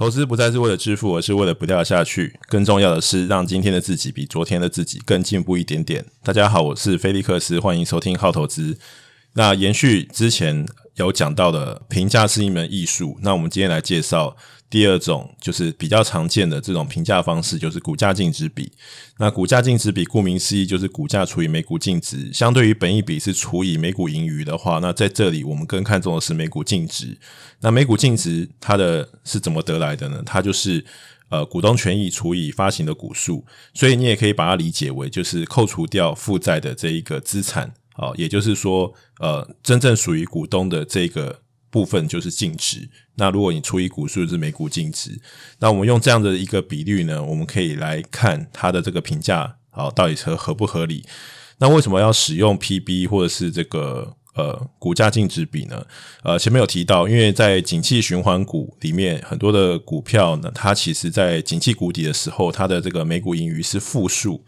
投資不再是為了致富，而是為了不掉下去。更重要的是，讓今天的自己比昨天的自己更進步一點點。大家好，我是菲力克斯，歡迎收聽好投資。那延續之前有講到的，評價是一門藝術。那我們今天來介紹第二種，就是比較常見的這種評價方式，就是股價淨值比。那股價淨值比，顧名思義，就是股價除以每股淨值。相對於本益比是除以每股盈餘的話，那在這裡我們更看重的是每股淨值。那每股淨值，它的是怎麼得來的呢？它就是呃，股東權益除以發行的股數。所以你也可以把它理解為，就是扣除掉負債的這一個資產。哦，也就是說，呃，真正屬於股東的這個部分就是淨值。那如果你除以股數是每股淨值，那我們用這樣的一個比率呢，我們可以來看它的這個評價，好，呃，到底合合不合理？那為什麼要使用 P B 或者是這個呃股價淨值比呢？呃，前面有提到，因為在景氣循環股裡面，很多的股票呢，它其實在景氣谷底的時候，它的這個每股盈餘是負數。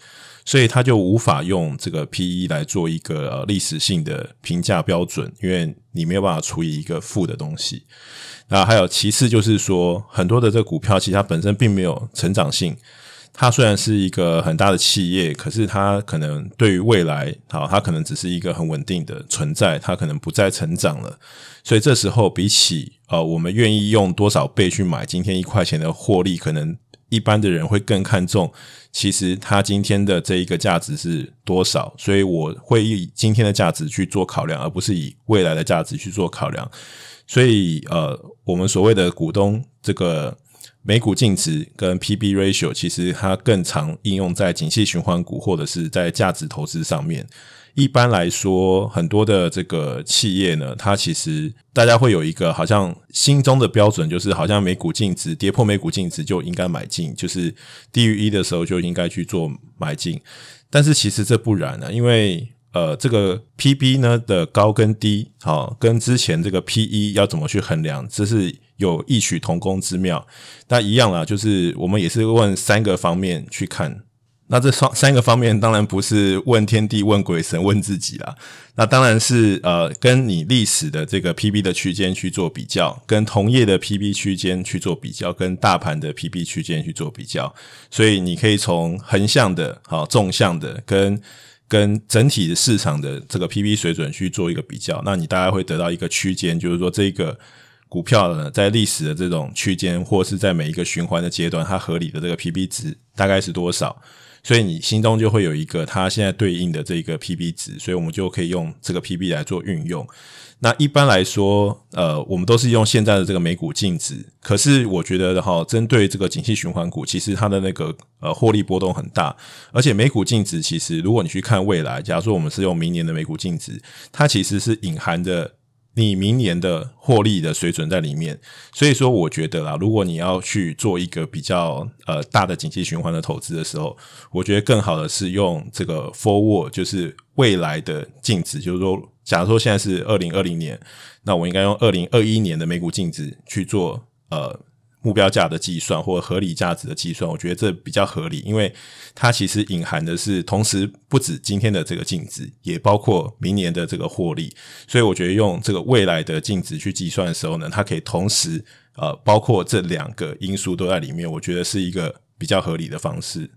所以它就無法用這個 P/E 來做一個歷史性的評價標準，因為你沒有辦法除以一個負的東西。那還有其次就是說，很多的這個股票其實它本身並沒有成長性，它雖然是一個很大的企業，可是它可能對於未來，好，它可能只是一個很穩定的存在，它可能不再成長了。所以這時候比起呃，我們願意用多少倍去買今天一塊錢的獲利，可能。一般的人會更看重，其實他今天的這一個價值是多少，所以我會以今天的價值去做考量，而不是以未來的價值去做考量。所以，呃，我們所謂的股東這個。每股淨值跟 P/B ratio 其實它更常應用在景氣循環股或者是在價值投資上面。一般來說，很多的這個企業呢，它其實大家會有一個好像心中的標準，就是好像每股淨值跌破每股淨值就應該買進，就是低於一的時候就應該去做買進。但是其實這不然的、啊，因為呃，這個 P/B 呢的高跟低、哦，好跟之前這個 P/E 要怎麼去衡量，這是。有異曲同工之妙，那一樣啦，就是我們也是問三個方面去看。那這三三個方面當然不是問天地、問鬼神、問自己啦。那當然是呃，跟你歷史的這個 P B 的區間去做比較，跟同業的 P B 區間去做比較，跟大盤的 P B 區間去做比較。所以你可以從橫向的、好、哦、縱向的，跟跟整體的市場的這個 P B 水準去做一個比較，那你大概會得到一個區間，就是說這個。股票呢，在歷史的這種區間，或是在每一個循環的階段，它合理的這個 PB 值大概是多少？所以你心中就會有一個它現在對應的這個 PB 值，所以我們就可以用這個 PB 來做運用。那一般來說，呃，我們都是用現在的這個每股淨值。可是我覺得哈，針對這個景氣循環股，其實它的那個呃獲利波動很大，而且每股淨值其實，如果你去看未來，假如說我們是用明年的每股淨值，它其實是隱含的。你明年的獲利的水準在裡面，所以說我覺得啦，如果你要去做一個比較呃大的景氣循環的投資的時候，我覺得更好的是用這個 forward，就是未來的淨值，就是說，假如說現在是二零二零年，那我應該用二零二一年的每股淨值去做呃。目標價的計算或合理價值的計算，我覺得這比較合理，因為它其實隱含的是，同時不止今天的這個淨值，也包括明年的這個獲利，所以我覺得用這個未來的淨值去計算的時候呢，它可以同時呃包括這兩個因素都在裡面，我覺得是一個比較合理的方式。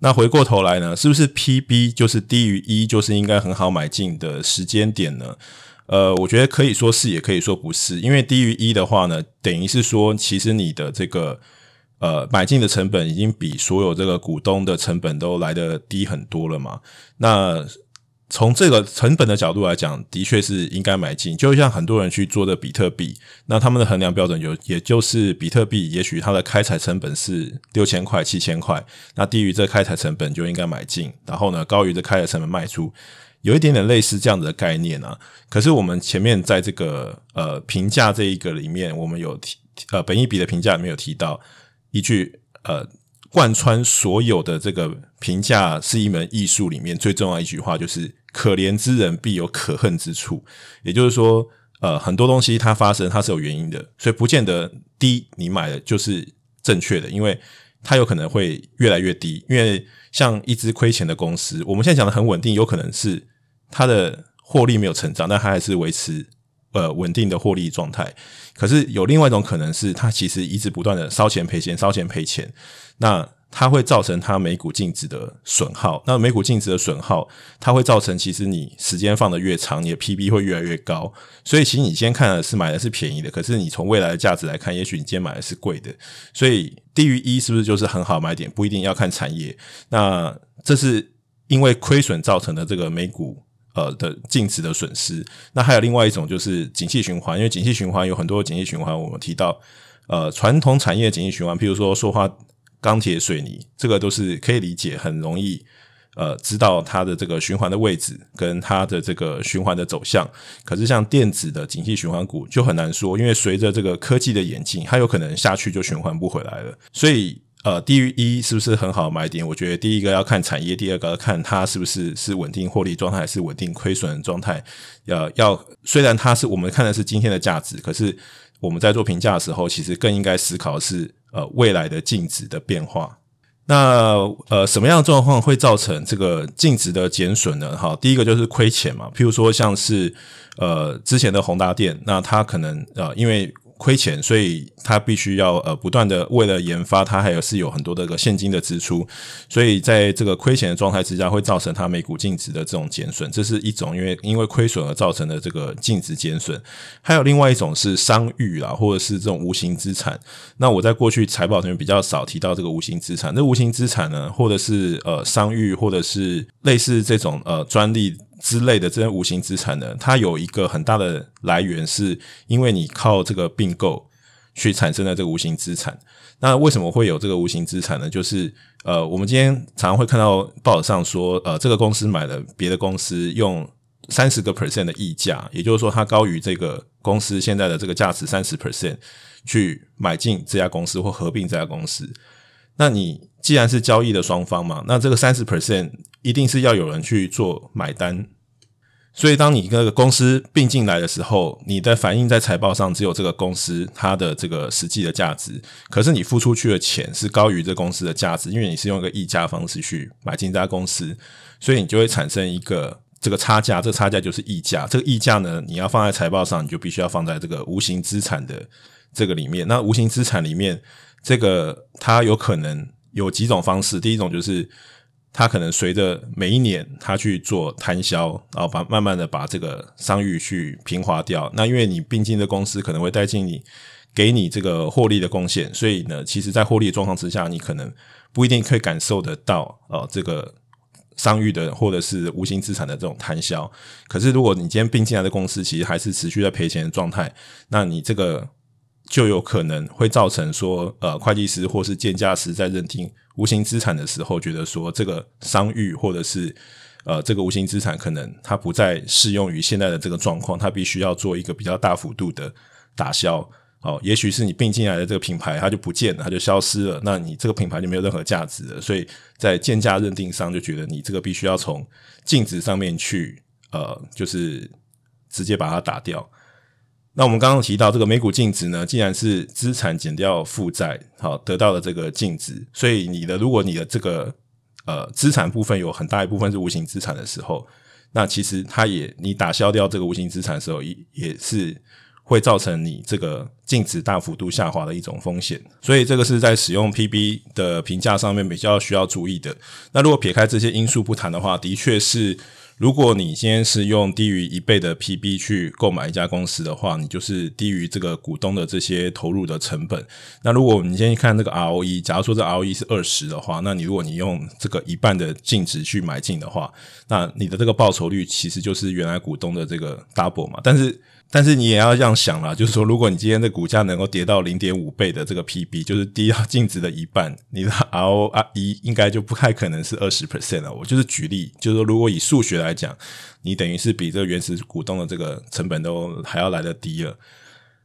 那回過頭來呢，是不是 PB 就是低於一就是應該很好買進的時間點呢？呃，我覺得可以說是，也可以說不是，因為低於一的話呢，等於是說，其實你的這個呃買進的成本已經比所有這個股東的成本都來得低很多了嘛。那從這個成本的角度來講，的確是應該買進。就像很多人去做的比特幣，那他們的衡量標準就也就是比特幣，也許它的開採成本是六千塊、七千塊，那低於這開採成本就應該買進，然後呢，高於這開採成本賣出。有一點點類似這樣子的概念啊，可是我們前面在這個呃評價這一個裡面，我們有提呃本益比的評價，沒有提到一句呃貫穿所有的這個評價是一門藝術裡面最重要一句話，就是可憐之人必有可恨之處。也就是說，呃很多東西它發生它是有原因的，所以不見得低你買的就是正確的，因為它有可能會越來越低。因為像一隻虧錢的公司，我們現在講的很穩定，有可能是。它的獲利沒有成長，但它還是維持呃穩定的獲利狀態。可是有另外一種可能是，它其實一直不斷的燒錢賠錢燒錢賠錢，那它會造成它每股淨值的損耗。那每股淨值的損耗，它會造成其實你時間放得越長，你的 P B 會越來越高。所以其實你今天看的是買的是便宜的，可是你從未來的價值來看，也許你今天買的是貴的。所以低於一是不是就是很好買點？不一定，要看產業。那這是因為虧損造成的這個每股。呃的淨值的損失，那還有另外一種就是景氣循環，因為景氣循環有很多景氣循環，我們提到呃傳統產業的景氣循環，譬如說塑化、鋼鐵、水泥，這個都是可以理解，很容易呃知道它的這個循環的位置跟它的這個循環的走向。可是像電子的景氣循環股就很難說，因為隨着這個科技的演進，它有可能下去就循環不回來了，所以。呃，低於一是不是很好買點？我覺得第一個要看產業，第二個要看它是不是是穩定獲利狀態，還是穩定虧損狀態。要、呃、要，雖然它是我們看的是今天的價值，可是我們在做評價的時候，其實更應該思考是呃未來的淨值的變化。那呃什麼樣的狀況會造成這個淨值的減損呢？哈，第一個就是虧錢嘛，譬如說像是呃之前的宏達電，那它可能呃因為。虧錢，所以它必須要呃不斷的為了研發，它還有是有很多的這個現金的支出，所以在這個虧錢的狀態之下，會造成它每股淨值的這種減損。這是一種因為因為虧損而造成的這個淨值減損，還有另外一種是商譽啊，或者是這種無形資產。那我在過去財報裡面比較少提到這個無形資產，那無形資產呢，或者是呃商譽，或者是類似這種呃專利。之類的這些無形資產呢，它有一個很大的來源，是因為你靠這個併購去產生的這個無形資產。那為什麼會有這個無形資產呢？就是呃，我們今天常常會看到報紙上說，呃，這個公司買了別的公司用30，用三十個 percent 的溢價，也就是說，它高於這個公司現在的這個價值三十 percent 去買進這家公司或合併這家公司。那你既然是交易的雙方嘛，那這個三十 percent 一定是要有人去做買單。所以，當你跟那個公司併進來的時候，你的反映在財報上只有這個公司它的這個實際的價值，可是你付出去的錢是高於這公司的價值，因為你是用一個溢價方式去買進這家公司，所以你就會產生一個這個差價，這個差價就是溢價。這個溢價呢，你要放在財報上，你就必須要放在這個無形資產的。這個裡面，那無形資產裡面，這個它有可能有幾種方式。第一種就是，它可能隨着每一年它去做攤銷，然後把慢慢的把這個商譽去平滑掉。那因為你併進的公司可能會帶進你給你這個獲利的貢獻，所以呢，其實，在獲利的狀況之下，你可能不一定可以感受得到，呃、哦，這個商譽的或者是無形資產的這種攤銷。可是，如果你今天併進來的公司其實還是持續在賠錢的狀態，那你這個。就有可能會造成說，呃，會計師或是鑑價師在認定無形資產的時候，覺得說這個商譽或者是呃這個無形資產可能它不再適用於現在的這個狀況，它必須要做一個比較大幅度的打消。哦，也許是你併進來的這個品牌，它就不見了，它就消失了，那你這個品牌就沒有任何價值了。所以在鑑價認定上，就覺得你這個必須要從淨值上面去，呃，就是直接把它打掉。那我們剛剛提到這個每股淨值呢，既然是資產減掉負債，好得到的這個淨值，所以你的如果你的這個呃資產部分有很大一部分是無形資產的時候，那其實它也你打消掉這個無形資產的時候，也也是會造成你這個淨值大幅度下滑的一種風險。所以這個是在使用 PB 的評價上面比較需要注意的。那如果撇開這些因素不談的話，的確是。如果你今天是用低於一倍的 PB 去購買一家公司的話，你就是低於這個股東的這些投入的成本。那如果你先去看這個 ROE，假如說這 ROE 是二十的話，那你如果你用這個一半的淨值去買進的話，那你的這個報酬率其實就是原來股東的這個 double 嘛。但是但是你也要這樣想了，就是說，如果你今天的股價能夠跌到零點五倍的這個 PB，就是低到淨值的一半，你的 ROE 應該就不太可能是二十 percent 了。我就是舉例，就是說，如果以數學來講，你等於是比這個原始股東的這個成本都還要來得低了，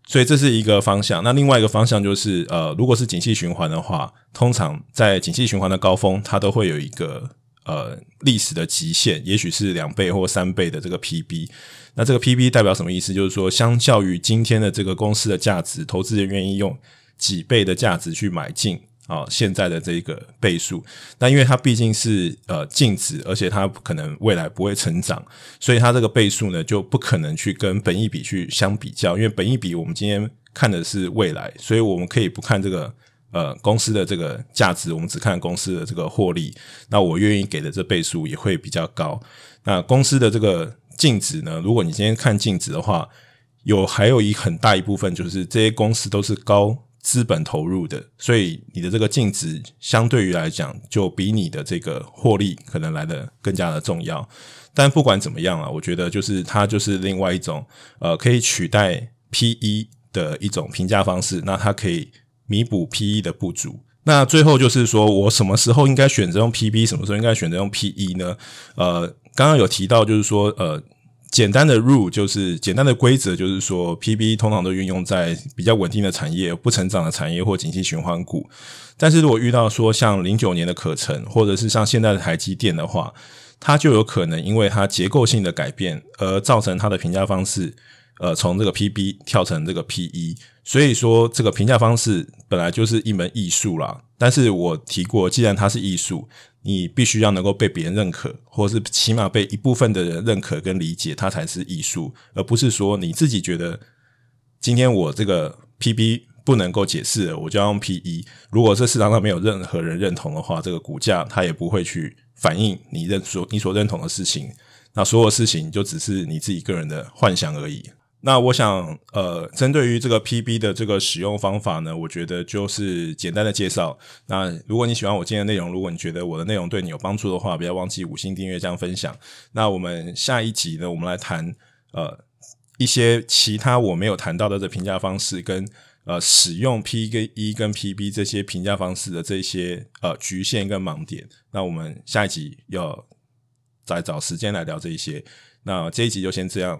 所以這是一個方向。那另外一個方向就是，呃，如果是景氣循環的話，通常在景氣循環的高峰，它都會有一個。呃，歷史的極限也許是兩倍或三倍的這個 PB，那這個 PB 代表什麼意思？就是說，相較於今天的這個公司的價值，投資人願意用幾倍的價值去買進啊、呃、現在的這個倍數。但因為它畢竟是呃淨值，而且它可能未來不會成長，所以它這個倍數呢就不可能去跟本益比去相比較。因為本益比我們今天看的是未來，所以我們可以不看這個。呃，公司的這個價值，我們只看公司的這個獲利，那我願意給的這倍數也會比較高。那公司的這個淨值呢？如果你今天看淨值的話，有還有一很大一部分就是這些公司都是高資本投入的，所以你的這個淨值相對於來講，就比你的這個獲利可能來得更加的重要。但不管怎麼樣啊，我覺得就是它就是另外一種呃，可以取代 PE 的一種評價方式。那它可以。彌補 P E 的不足。那最後就是說，我什麼時候應該選擇用 P B，什麼時候應該選擇用 P E 呢？呃，剛剛有提到，就是說，呃，簡單的 rule 就是簡單的規則，就是說 P B 通常都運用在比較穩定的產業、不成長的產業或景氣循環股。但是如果遇到說像零九年的可成，或者是像現在的台積電的話，它就有可能因為它結構性的改變而造成它的評價方式，呃，從這個 PB 跳成這個 PE，所以說這個評價方式本來就是一門藝術啦，但是我提過，既然它是藝術，你必須要能夠被別人認可，或者是起碼被一部分的人認可跟理解，它才是藝術，而不是說你自己覺得今天我這個 PB 不能夠解釋了，我就要用 PE。如果這市場上沒有任何人認同的話，這個股價它也不會去反映你認所你所認同的事情，那所有事情就只是你自己個人的幻想而已。那我想，呃，針對於這個 PB 的這個使用方法呢，我覺得就是簡單的介紹。那如果你喜歡我今天的內容，如果你覺得我的內容對你有幫助的話，不要忘記五星訂閱、加分享。那我們下一集呢，我們來談呃一些其他我沒有談到的的評價方式，跟呃使用 P 跟 E 跟 PB 這些評價方式的這些呃局限跟盲點。那我們下一集要再找時間來聊這一些。那這一集就先這樣。